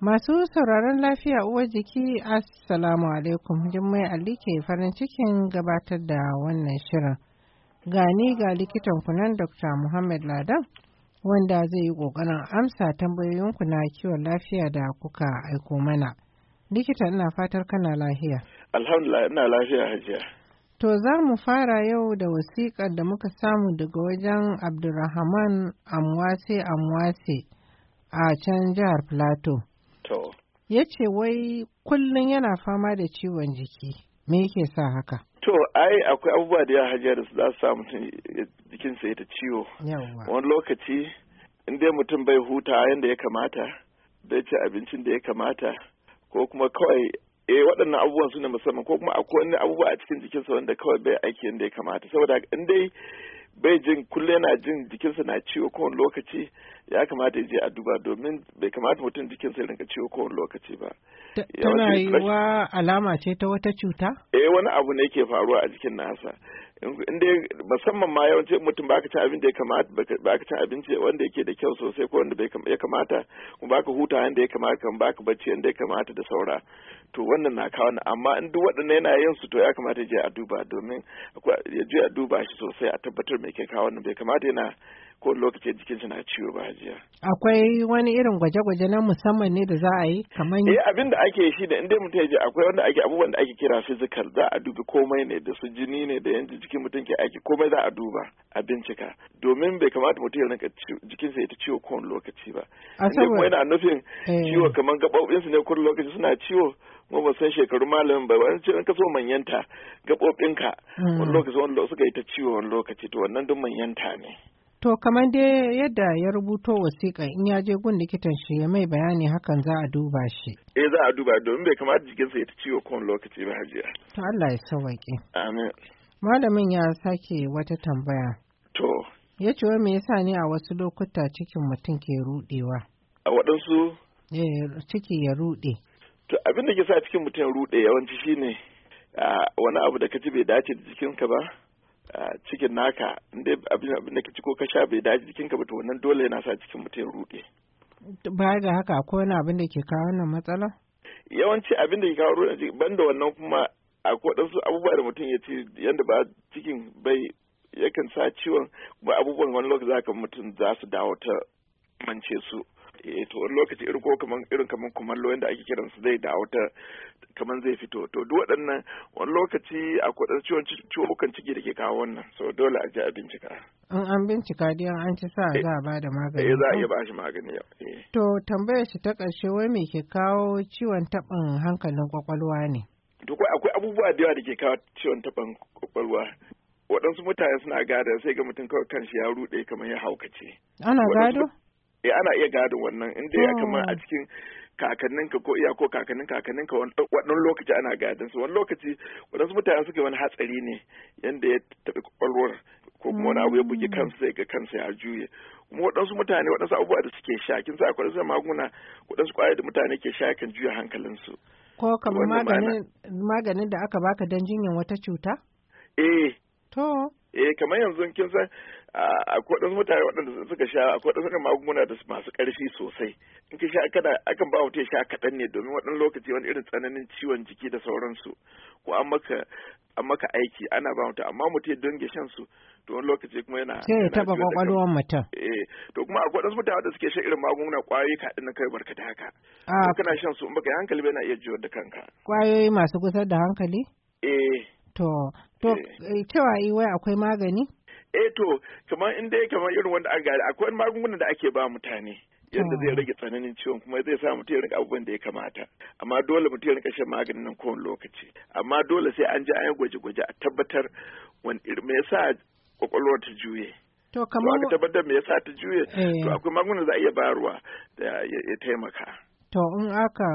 Masu sauraron lafiya uwar jiki Assalamu alaikum Jummai Ali ke farin cikin gabatar da wannan shirin. Gani ga likitan kunan Dr. Muhammad Ladan wanda zai yi ƙoƙarin amsa tambayoyinku na kiwon lafiya da kuka aiko mana. Likita ina fatar kana lafiya. Alhamdulillah ina lafiya hajiya. To za mu fara yau da wasiƙar da muka samu daga wajen Abdulrahman Amwase Amwase a can jihar Plateau. To. Ya ce wai kullum yana fama da ciwon jiki, me yake sa haka? To, ai akwai abubuwa da ya hajiya da su za su sa mutum jikinsa ta ciwo. Wani lokaci, in dai mutum bai huta yadda ya kamata, bai ci abincin da ya kamata, ko kuma kawai eh waɗannan abubuwan su ne musamman ko kuma akwai wani abubuwa a cikin jikinsa wanda kawai bai aiki yadda ya kamata saboda in dai bai jin kulle na jin jikinsa na ciwo kowane lokaci ya kamata ya je a duba domin bai kamata mutum jikinsa ya rinka ciwo kowane lokaci ba. Tana wa alama ce ta wata cuta? Eh wani abu ne ke faruwa a jikin nasa. inda musamman ma yawanci mutum baka ci abin da ya kamata baka ci abinci wanda yake da kyau sosai ko wanda ya kamata kuma baka huta yanda ya kamata kan baka bacci yanda ya kamata da saura to wannan na kawo amma in duk waɗannan yana yin su to ya kamata ya je a duba domin ya je a duba shi sosai a tabbatar me ke kawo wannan bai kamata yana ko lokacin jikin suna na ciwo ba hajiya. Akwai wani irin gwaje-gwaje na musamman ne da za a yi kamar Eh abin da ake shi da inda mutum ya akwai wanda ake abubuwan da ake kira physical za a dubi komai ne da su jini ne da yanzu jikin mutum ke aiki komai za a duba a bincika domin bai kamata mutum ya rinka jikinsa ya ta ciwo kowane lokaci ba. A saboda. Kuma yana nufin eh. ciwo kamar gaɓoɓinsu ne kowane lokaci suna ciwo. Mun ba san shekaru malamin ba wani ce in ka so manyanta gaɓoɓinka hmm. wani lokaci wani suka yi ta ciwo wani lokaci to wannan duk manyanta ne. To kamar dai yadda ya rubuto wasiƙa in ya je gun likitan shi ya mai bayani hakan za a duba shi. Eh za a duba domin bai kamata jikinsa ya ta ciwo kowane lokaci ba hajiya. To Allah ya sauwaƙe. Amin. Malamin ya sake wata tambaya. To. Ya ce wai me yasa ne a wasu lokuta cikin mutum ke rudewa? A waɗansu? Eh ciki ya rude. To abin da ke sa cikin mutum ya rude yawanci shine ah, wani abu da ka ci bai dace da jikinka ba. cikin naka inda abin da ka ci ko ka sha bai daji ka ba to wannan dole yana sa cikin mutum ya rude baya da haka akwai wani abin da ke kawo wannan matsala yawanci abin da ke kawo rude jiki banda wannan kuma akwai su abubuwa da mutum ya ci yadda ba cikin bai yakan sa ciwon ba abubuwan wani lokaci zaka mutum za su dawo ta mance su E, to wani lokaci ko kaman irin kaman kumallo yanda ake kiran su zai dawo ta kaman zai fito to duk waɗannan wani lokaci akwai ɗan ciwon ciwon ciki da ke kawo wannan so dole a je a bincika in an bincika dai an ci sa za a bada magani eh za a iya ba shi magani eh. to tambayar shi ta ƙarshe wai me ke kawo ciwon taɓin hankalin kwakwalwa ne to akwai abubuwa da yawa da ke kawo ciwon taɓin kwakwalwa waɗansu mutane suna gada sai ga mutum kawai kanshi ya ruɗe kamar ya haukace. Ana gado? eh ana iya gadon wannan in dai hmm. kama a cikin ka ko iya ko kakannin ka wannan lokaci ana gadon su wani lokaci wadansu mutane suke wani hatsari ne yanda ya tafi kwakwalwar ko kuma wani abu ya buge hmm. kansa sai ga kansa ya juye kuma waɗansu mutane waɗansu abubuwa da suke sha kin sa akwai magunguna waɗansu ƙwaya da mutane ke sha kan juya hankalin su. ko kamar maganin maganin da aka baka don jinyan wata cuta eh to eh kamar yanzu kin san akwai wadansu mutane waɗanda suka sha akwai wadansu magunguna da masu ƙarfi sosai in ka sha kada akan ba mutum sha kaɗan ne domin waɗan lokaci wani irin tsananin ciwon jiki da sauransu ko an maka an maka aiki ana ba mutum amma mutum ya dinga shan su to wani lokaci kuma yana sai ya taɓa kwakwalwar mutum eh to kuma akwai wasu mutane da suke shan irin magunguna kwayoyi ka na kai barka da haka kana shan su in baka yi hankali ba yana iya jiwo da kanka kwayoyi masu kusa da hankali eh to To, eh. Eh, cewa yi wai akwai magani? Eh to, kamar inda ya kamar irin wanda aka akwai magungunan da ake ba mutane. yadda zai oh. rage tsananin ciwon kuma zai sa mutum rika abubuwan da ya kamata amma dole mutum ya rika shan maganin nan kowane lokaci amma dole sai an ji an yi gwaje-gwaje a tabbatar wani me yasa kwakwalwar ta juye to kamar aka tabbatar me yasa ta juye to eh. akwai magunguna za a iya bayarwa da ya taimaka to in aka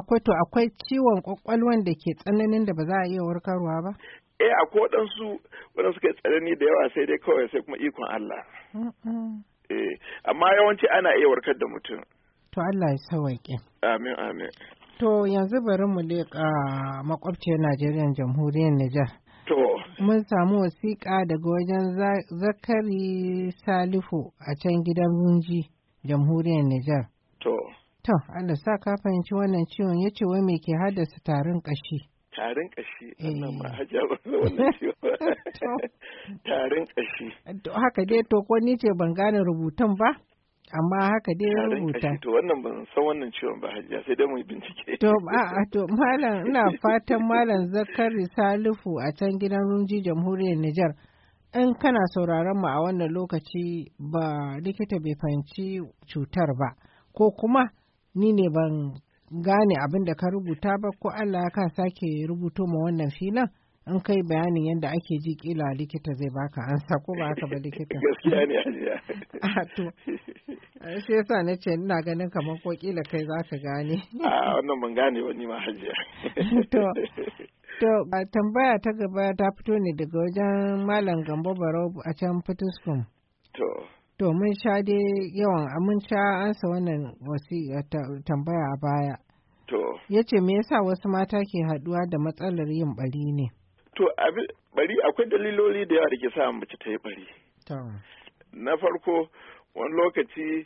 akwai to akwai ciwon kwakwalwan da ke tsananin da ba za a iya warkarwa ba eh akwai su waɗansu kai tsanani da yawa sai dai kawai sai kuma ikon Allah eh amma yawanci ana iya warkar da mutum to Allah ya sauke amin amin to yanzu bari mu leƙa makwabciyar Najeriya jamhuriyar Nijar to mun samu wasiƙa daga wajen zakari salifu a can gidan runji jamhuriyar Nijar to to Allah sa ka fahimci wannan ciwon ya ce wai me ke haddasa tarin ƙashi tarin kashi eh. wannan ma hajjaba wannan cewa tarin kashi to haka dai to ko ni ce ban gane rubutan ba amma haka dai ya rubuta to wannan ban san wannan ciwon ba hajiya sai dai mu bincike to a to malam ina fatan malam zakari salifu a can gidan rumji jamhuriyar Nijar in kana sauraron mu a wannan lokaci ba likita bai fahimci cutar ba ko kuma ni ne ban gane abin da ka rubuta ba ko Allah ya ka sake rubuto ma wannan filin in kai bayanin yadda ake ji kila likita zai baka ansa ko ba haka ba likita gaskiya ne a ah, to shi yasa na ce ina ganin kamar ko kila kai za ka gane a ah, wannan ban gane wani ma hajiya to to tambaya ta gaba ta fito ne daga wajen malam gambo barau a can fitiskum to To mun sha dai yawan mun sha ansa wannan wasi tambaya a baya. To. Ya ce me yasa wasu mata ke haduwa da matsalar yin bari ne? To bari akwai daliloli da yawa da ke sa mace ta yi bari. To. Na farko wani lokaci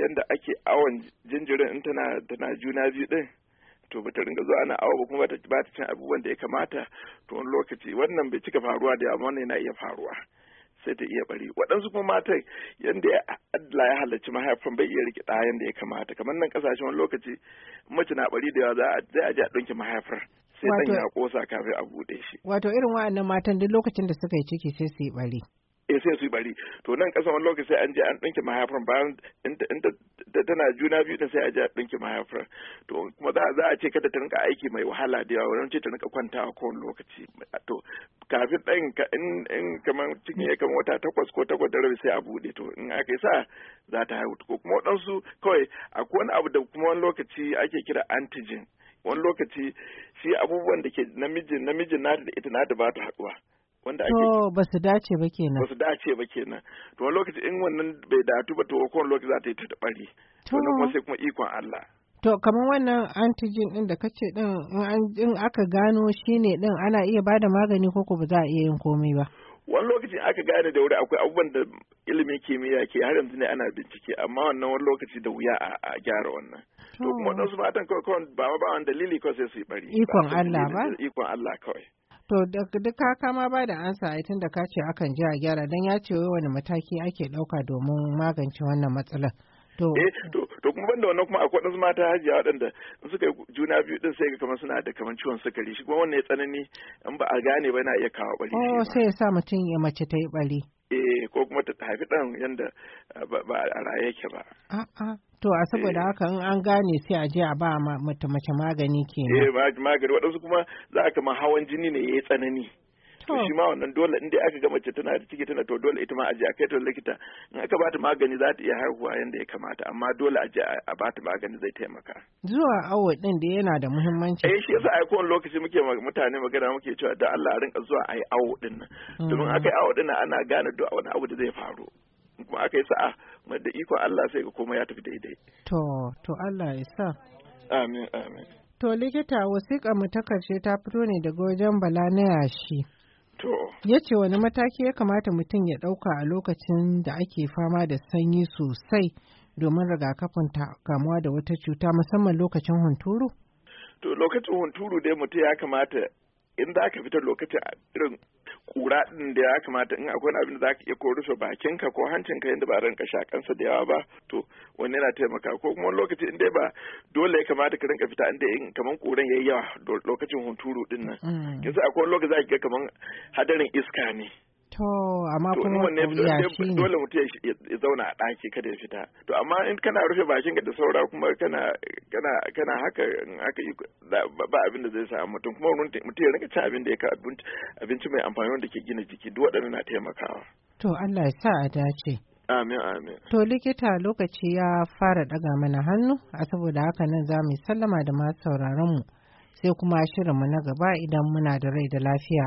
yanda ake awon jinjirin in tana tana juna biyu din to bata ringa zuwa ana awo ba kuma ba ta cin abubuwan da ya kamata to wani lokaci wannan bai cika faruwa da yawa wannan yana iya faruwa. sai ta iya bari waɗansu kuma matan yadda Allah ya halarci mahaifin bai iya rike ɗayan ya kamata kamar nan ƙasashen wani lokaci mace na bari da yawa za a je a ɗinki mahaifar sai ɗan ya ƙosa kafin a buɗe shi. Wato irin wa'annan matan duk lokacin da suka yi ciki sai su yi bari. ya sai su bari to nan kasa wani lokaci an je an dinki mahaifar bayan inda tana juna biyu da sai a je a dinke mahaifar to kuma za a ce kada ta rinka aiki mai wahala da yawa wani ce ta rinka kwantawa kowane lokaci to kafin ɗan in kamar cikin ya kamar wata takwas ko takwas da rabi sai a buɗe to in aka yi sa za ta haihu ko kuma waɗansu kawai akwai wani abu da kuma wani lokaci ake kira antigen wani lokaci shi abubuwan da ke namijin namijin na da ita na da ba ta haɗuwa wanda ake to ba su dace ba kenan ba su dace ba kenan to wani lokaci in wannan bai datu ba to kowane lokaci za ta yi ta bari to wannan kuma sai kuma ikon Allah to kamar wannan antigen din da kace din in aka gano shine din ana iya bada magani ko ko ba za a iya yin komai ba wani lokacin aka gane da wuri akwai abubuwan da ilimin kimiyya ke har yanzu ne ana bincike amma wannan wani lokaci da wuya a gyara wannan to kuma wadansu matan kawai kawai ba ba wani dalili kawai sai su yi bari ikon Allah ba ikon Allah kawai To duk ka kama ba da ansa a tun da ka ce akan ji a gyara don ya ce wani mataki ake ɗauka domin magance wannan matsalar. To eh, to kuma banda wannan kuma akwai wadansu mata hajiya waɗanda suka yi juna biyu din sai ga kamar suna da kamar ciwon sukari shi kuma wannan ya tsanani in ba a gane ba na iya kawo bari. Oh sai ya sa mutum ya mace ta yi bari. Eh ko kuma ta haifi ɗan yanda ba a raye yake ba. A'a. To a saboda eh. haka in an gane sai a je a ba mata mace magani ke. Eh magani waɗansu kuma za a kama hawan jini ne ya yi tsanani. To shi ma wannan dole inda aka ga mace tana da ciki tana to dole ita ma a je a kai ta likita in aka bata magani za ta iya haihuwa yadda ya kamata amma dole a je a bata magani zai taimaka. Zuwa awo din da yana da muhimmanci. Eh shi yasa a kowane lokaci muke mutane magana muke cewa da Allah a rinka zuwa ayi awo din nan. Mm. Domin aka yi awo din nan ana gane duk wani abu da zai faru. kuma aka yi sa'a mai da ikon Allah sai ga komai ya tafi daidai to to Allah ya sa amin amin to likita wasiƙa mu ta karshe ta fito ne daga wajen bala na yashi to ya ce wani mataki ya kamata mutum ya ɗauka a lokacin da ake fama da sanyi sosai domin rigakafin kamuwa da wata cuta musamman lokacin hunturu to lokacin hunturu dai mutum ya kamata in za ka fita lokacin irin kura din da ya kamata in akwai abin da zaka iya ko rufe bakinka ko hancin hancinka yadda ba ranka shakansa da yawa ba to wani yana taimaka ko kuma lokaci in dai ba dole ya kamata ka rinka fita inda in kaman kuran yayi yawa lokacin hunturu din nan mm. yanzu akwai lokaci ka ga kaman hadarin iska ne To amma kuma ne dole mutum ya zauna a ɗaki kada ya fita. To amma in kana rufe bakin ka da saura kuma kana kana kana haka haka ba abin zai sa mutum kuma mutum ya rinka cin abin da ya ka abinci mai amfani wanda ke gina jiki duk waɗannan na taimakawa. To Allah ya sa a dace. Amin amin. To likita lokaci ya fara daga mana hannu a saboda haka nan za mu sallama da masu sauraron mu sai kuma shirinmu na gaba idan muna da rai da lafiya.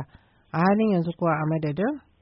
A halin yanzu kuwa a madadin